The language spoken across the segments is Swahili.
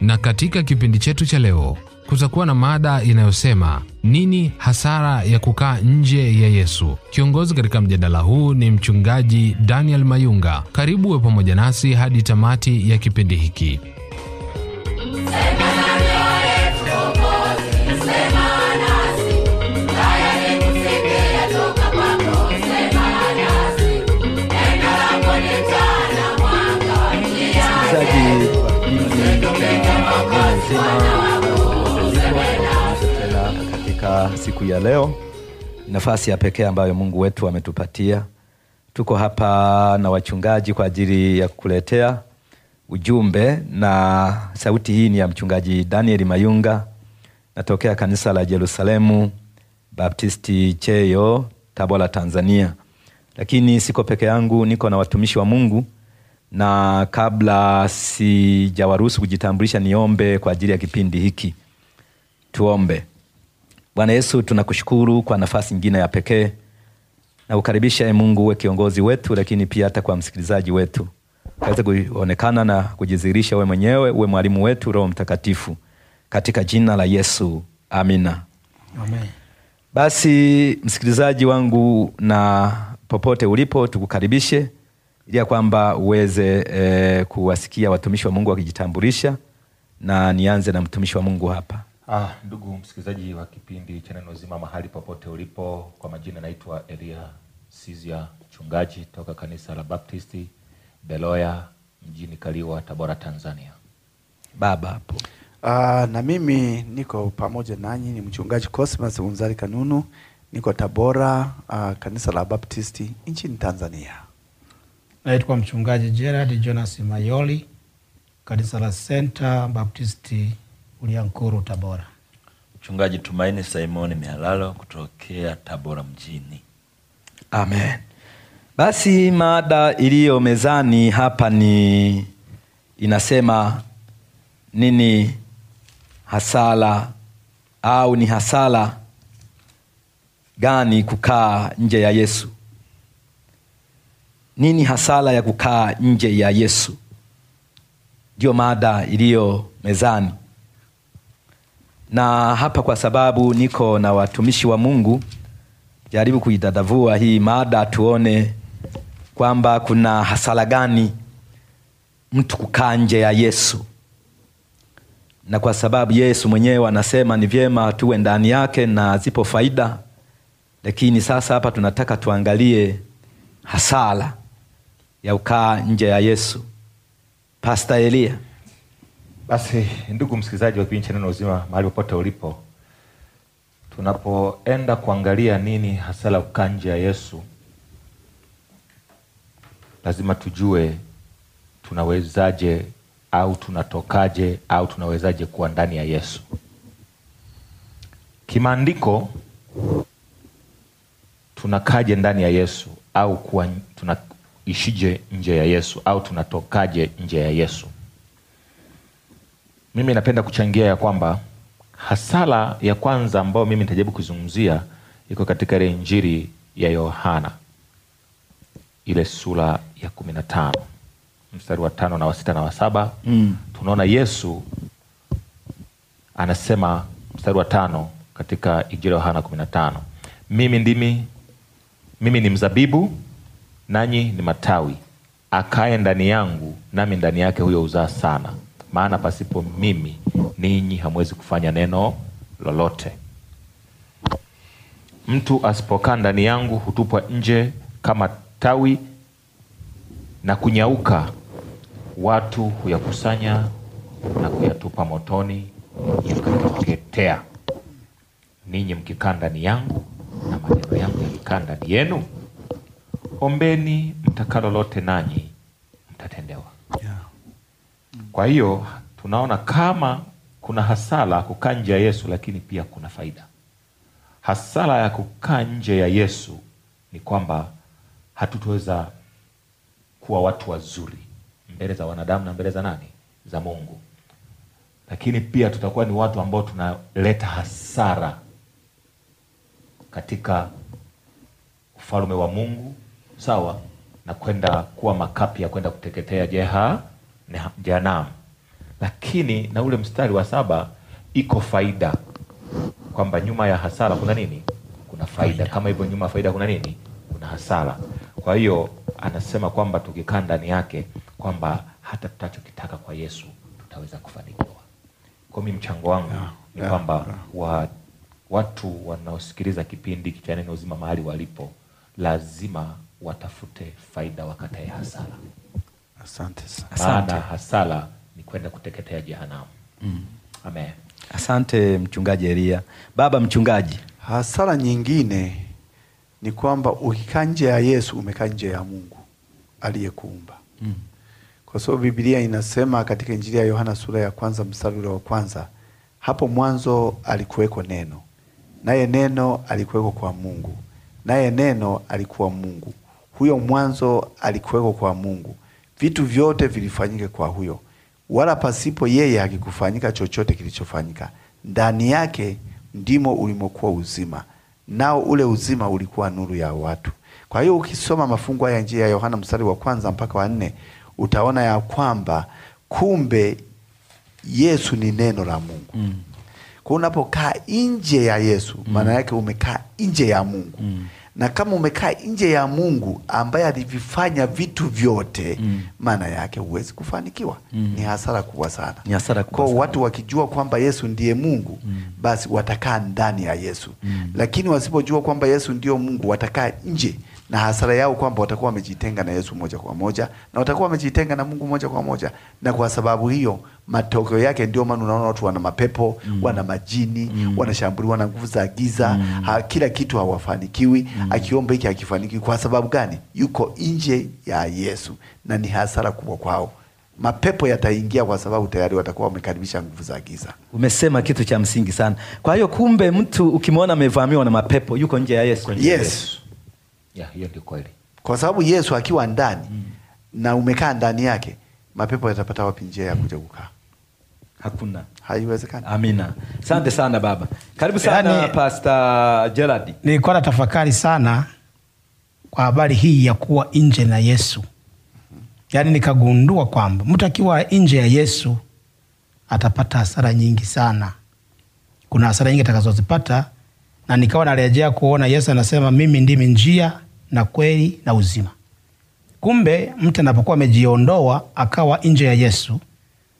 na katika kipindi chetu cha leo kutakuwa na mada inayosema nini hasara ya kukaa nje ya Yesu. Kiongozi katika mjadala huu ni mchungaji Daniel Mayunga. Karibu we pamoja nasi hadi tamati ya kipindi hiki. siku ya leo, nafasi ya pekee ambayo Mungu wetu ametupatia. Tuko hapa na wachungaji kwa ajili ya kukuletea ujumbe, na sauti hii ni ya mchungaji Daniel Mayunga, natokea kanisa la Jerusalemu Baptisti Cheyo, Tabora, Tanzania. Lakini siko peke yangu, niko na watumishi wa Mungu na kabla sijawaruhusu kujitambulisha, niombe kwa ajili ya kipindi hiki. Tuombe. Bwana Yesu, tunakushukuru kwa nafasi nyingine ya pekee na kukaribisha e Mungu uwe kiongozi wetu, lakini pia hata kwa msikilizaji wetu kaweze kuonekana na kujidhihirisha we mwenyewe, uwe mwalimu wetu, Roho Mtakatifu, katika jina la Yesu, amina. Amen. Basi msikilizaji wangu, na popote ulipo, tukukaribishe ili ya kwamba uweze e, kuwasikia watumishi wa Mungu wakijitambulisha, na nianze na mtumishi wa Mungu hapa. Ah, ndugu msikilizaji wa kipindi cha Neno Uzima mahali popote ulipo, kwa majina naitwa Elia Sizia, mchungaji toka kanisa la Baptisti Beloya mjini Kaliwa, Tabora, Tanzania. Baba hapo. Ah, na mimi niko pamoja nanyi, ni mchungaji Cosmas Unzari Kanunu, niko Tabora, ah, kanisa la Baptisti nchini Tanzania. Naitwa mchungaji Gerard Jonas Mayoli, kanisa la Center Baptisti Uliankuru, Tabora. Mchungaji Tumaini Simoni Mihalalo kutokea Tabora mjini. Amen. Basi mada iliyo mezani hapa ni inasema nini hasara au ni hasara gani kukaa nje ya Yesu? Nini hasara ya kukaa nje ya Yesu? Ndiyo mada iliyo mezani na hapa, kwa sababu niko na watumishi wa Mungu, jaribu kuidadavua hii mada, tuone kwamba kuna hasara gani mtu kukaa nje ya Yesu, na kwa sababu Yesu mwenyewe anasema ni vyema tuwe ndani yake na zipo faida. Lakini sasa hapa tunataka tuangalie hasara ya ukaa nje ya Yesu. Pasta Elia basi ndugu msikilizaji wa kipindi cha Neno Uzima, mahali popote ulipo, tunapoenda kuangalia nini hasa la kukaa nje ya Yesu, lazima tujue tunawezaje au tunatokaje au tunawezaje kuwa ndani ya Yesu. Kimaandiko tunakaje ndani ya Yesu au kuwa tunaishije nje ya Yesu au tunatokaje nje ya Yesu? mimi napenda kuchangia ya kwamba hasara ya kwanza ambayo mimi nitajaribu kuzungumzia iko katika ile Injili ya Yohana ile sura ya kumi na tano mstari wa tano na wa sita na wa saba mm. Tunaona Yesu anasema mstari wa tano katika Injili ya Yohana kumi na tano mimi ndimi mimi ni mzabibu, nanyi ni matawi, akae ndani yangu nami ndani yake, huyo uzaa sana maana pasipo mimi ninyi hamwezi kufanya neno lolote. Mtu asipokaa ndani yangu hutupwa nje kama tawi na kunyauka, watu huyakusanya na kuyatupa motoni yakateketea. Ninyi mkikaa ndani yangu na maneno yangu yakikaa ndani yenu, ombeni mtakalo lote, nanyi mtatendewa. yeah. Kwa hiyo tunaona kama kuna hasara kukaa nje ya Yesu, lakini pia kuna faida. Hasara ya kukaa nje ya Yesu ni kwamba hatutoweza kuwa watu wazuri mbele za wanadamu na mbele za nani? Za Mungu. Lakini pia tutakuwa ni watu ambao tunaleta hasara katika ufalme wa Mungu, sawa na kwenda kuwa makapi ya kwenda kuteketea jeha na jehanamu. Lakini na ule mstari wa saba iko faida, kwamba nyuma ya hasara kuna nini? Kuna faida, kama hivyo nyuma ya faida kuna nini? Kuna hasara. Kwa hiyo anasema kwamba tukikaa ndani yake, kwamba hata tutachokitaka kwa Yesu tutaweza kufanikiwa. Kwa mchango wangu yeah, ni yeah, kwamba yeah. Wa, watu wanaosikiliza kipindi cha Neno Uzima mahali walipo lazima watafute faida, wakatae hasara. Asante sana. ni kwenda kuteketea jehanamu. Mm. Amen. Asante mchungaji Elia. Baba mchungaji, hasara nyingine ni kwamba ukikaa nje ya Yesu umekaa nje ya Mungu aliyekuumba. Mm. Kwa sababu Biblia inasema katika Injili ya Yohana sura ya kwanza mstari wa kwanza, hapo mwanzo alikuweko neno, naye neno alikuweko kwa Mungu, naye neno alikuwa Mungu. Huyo mwanzo alikuweko kwa Mungu vitu vyote vilifanyike kwa huyo, wala pasipo yeye hakikufanyika chochote kilichofanyika. Ndani yake ndimo ulimokuwa uzima, nao ule uzima ulikuwa nuru ya watu. Kwa hiyo ukisoma mafungu haya njia ya Yohana mstari wa kwanza mpaka wa nne utaona ya kwamba kumbe Yesu ni neno la Mungu mm. Kwa unapokaa nje ya Yesu maana mm. yake umekaa nje ya Mungu mm na kama umekaa nje ya Mungu ambaye alivifanya vitu vyote mm. maana yake huwezi kufanikiwa mm. ni hasara kubwa sana, ni hasara kubwa kwa sana. Watu wakijua kwamba Yesu ndiye Mungu mm. basi watakaa ndani ya Yesu mm. lakini wasipojua kwamba Yesu ndio Mungu watakaa nje na hasara yao kwamba watakuwa wamejitenga na Yesu moja kwa moja na watakuwa wamejitenga na Mungu moja kwa moja, na kwa sababu hiyo matokeo yake, ndio maana unaona watu wana mapepo mm. wana majini mm. wanashambuliwa na nguvu za giza mm. ha, kila kitu hawafanikiwi mm. akiomba hiki hakifanikiwi. Kwa sababu gani? Yuko nje ya Yesu na ni hasara kubwa kwao. Mapepo yataingia kwa sababu tayari watakuwa wamekaribisha nguvu za giza. Umesema kitu cha msingi sana. Kwa hiyo kumbe, mtu ukimwona amevamiwa na mapepo, yuko nje ya Yesu. Yes. Yes. Yeah, hiyo ndio kweli, kwa sababu Yesu akiwa ndani mm. na umekaa ndani yake, mapepo yatapata wapi njia ya kuja kukaa? Hakuna, haiwezekani. Amina, asante sana baba, karibu sana yani, Pastor Gerard. Nilikuwa na tafakari sana kwa habari hii ya kuwa nje na Yesu, yaani nikagundua kwamba mtu akiwa nje ya Yesu atapata hasara nyingi sana. Kuna hasara nyingi atakazozipata, na nikawa narejea kuona Yesu anasema mimi ndimi njia, na kweli na uzima. Kumbe mtu anapokuwa amejiondoa akawa nje ya Yesu,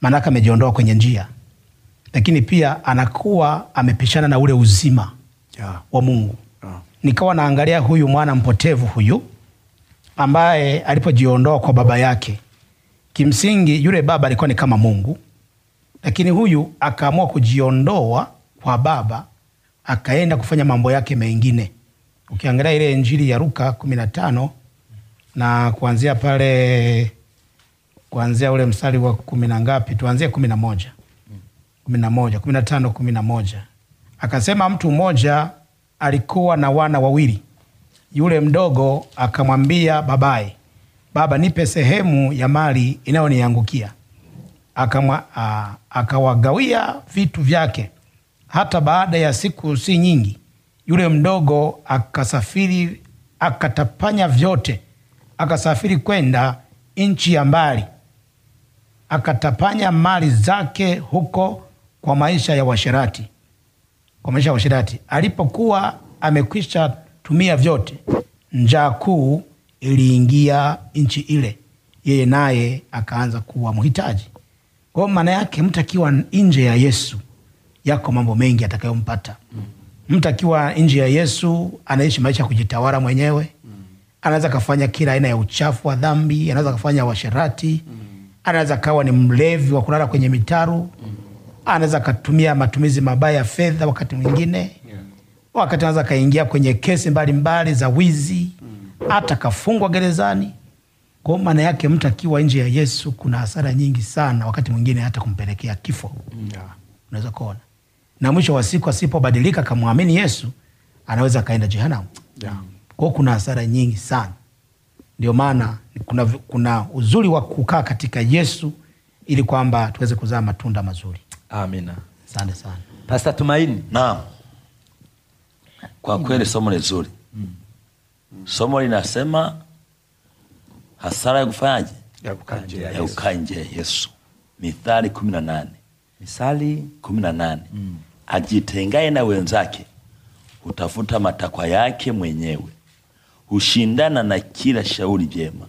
maanake amejiondoa kwenye njia, lakini pia anakuwa amepishana na ule uzima yeah. wa Mungu yeah. Nikawa naangalia huyu mwana mpotevu huyu ambaye alipojiondoa kwa baba yake, kimsingi yule baba alikuwa ni kama Mungu, lakini huyu akaamua kujiondoa kwa baba, akaenda kufanya mambo yake mengine ukiangalia ile Injili ya Luka kumi na tano na kuanzia pale kuanzia ule mstari wa kumi na ngapi, tuanzie kumi na moja kumi na moja kumi na tano kumi na moja Akasema mtu mmoja alikuwa na wana wawili, yule mdogo akamwambia babaye, Baba, nipe sehemu ya mali inayoniangukia. Akawagawia vitu vyake. Hata baada ya siku si nyingi, yule mdogo akasafiri akatapanya vyote, akasafiri kwenda nchi ya mbali, akatapanya mali zake huko kwa maisha ya washerati, kwa maisha ya washerati. Alipokuwa amekwisha tumia vyote, njaa kuu iliingia nchi ile, yeye naye akaanza kuwa mhitaji. Kwa maana yake, mtu akiwa nje ya Yesu, yako mambo mengi atakayompata. Mtu akiwa nje ya Yesu anaishi maisha ya kujitawala mwenyewe mm. Anaweza kafanya kila aina ya uchafu wa dhambi, anaweza kafanya washerati mm. Anaweza kawa ni mlevi wa kulala kwenye mitaru mm. Anaweza katumia matumizi mabaya ya fedha wakati mwingine yeah. Wakati anaweza kaingia kwenye kesi mbalimbali mbali za wizi hata mm. gerezani. Kwa maana yake mtu akiwa nje ya Yesu kuna hasara nyingi sana, wakati mwingine hata kumpelekea kifo yeah. Mm. Unaweza kuona na mwisho wa siku asipobadilika akamwamini Yesu anaweza akaenda jehanamu yeah. Kwao kuna hasara nyingi sana, ndio maana kuna, kuna uzuri wa kukaa katika Yesu ili kwamba tuweze kuzaa matunda mazuri. Amina, asante sana Pasta Tumaini. Naam, kwa kweli somo ni zuri mm. Somo linasema hasara ya kufanyaje? Ya kukaa nje ya Yesu. Mithali kumi na nane Mithali kumi na nane mm. Ajitengaye na wenzake hutafuta matakwa yake mwenyewe, hushindana na kila shauri jema.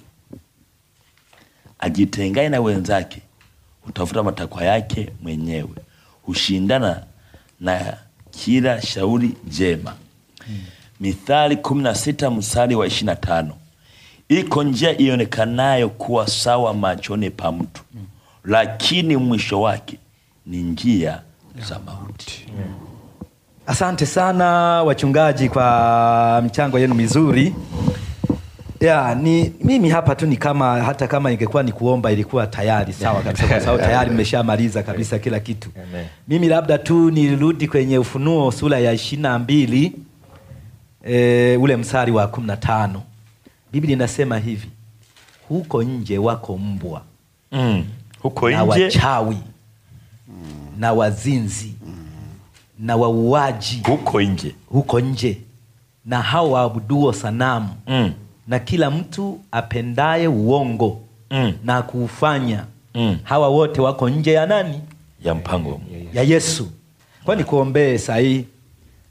Ajitengaye na wenzake hutafuta matakwa yake mwenyewe, hushindana na kila shauri jema. Hmm. Mithali 16 mstari wa 25, iko njia ionekanayo kuwa sawa machoni pa mtu, lakini mwisho wake ni njia za mauti. Mm. Asante sana wachungaji kwa mchango yenu mizuri ya, ni mimi hapa tu ni kama hata kama ingekuwa ni kuomba ilikuwa tayari sawa kabisa, kwa sababu tayari mmeshamaliza kabisa kila kitu. Mimi labda tu nirudi kwenye Ufunuo sura ya ishirini na mbili e, ule msari wa kumi na tano Biblia inasema hivi, huko nje wako mbwa mm, huko nje na wachawi na wazinzi mm. na wauaji huko nje huko nje na hao waabuduo sanamu mm. na kila mtu apendaye uongo mm. na kuufanya mm. hawa wote wako nje ya nani ya mpango ya Yesu. Kwa nikuombee sahii,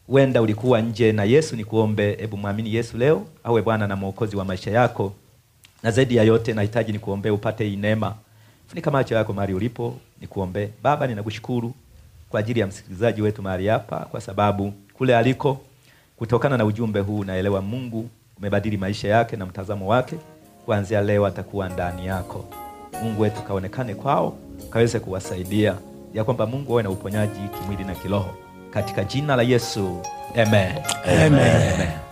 wenda ulikuwa nje na Yesu. Nikuombe, hebu mwamini Yesu leo awe Bwana na Mwokozi wa maisha yako, na zaidi ya yote nahitaji nikuombee upate hii neema Funika macho yako mahali ulipo, nikuombee. Baba, ninakushukuru kwa ajili ya msikilizaji wetu mahali hapa, kwa sababu kule aliko, kutokana na ujumbe huu, naelewa Mungu umebadili maisha yake na mtazamo wake. Kuanzia leo atakuwa ndani yako. Mungu wetu kaonekane kwao, kaweze kuwasaidia ya kwamba Mungu awe na uponyaji kimwili na kiroho, katika jina la Yesu, amen, amen. amen. amen.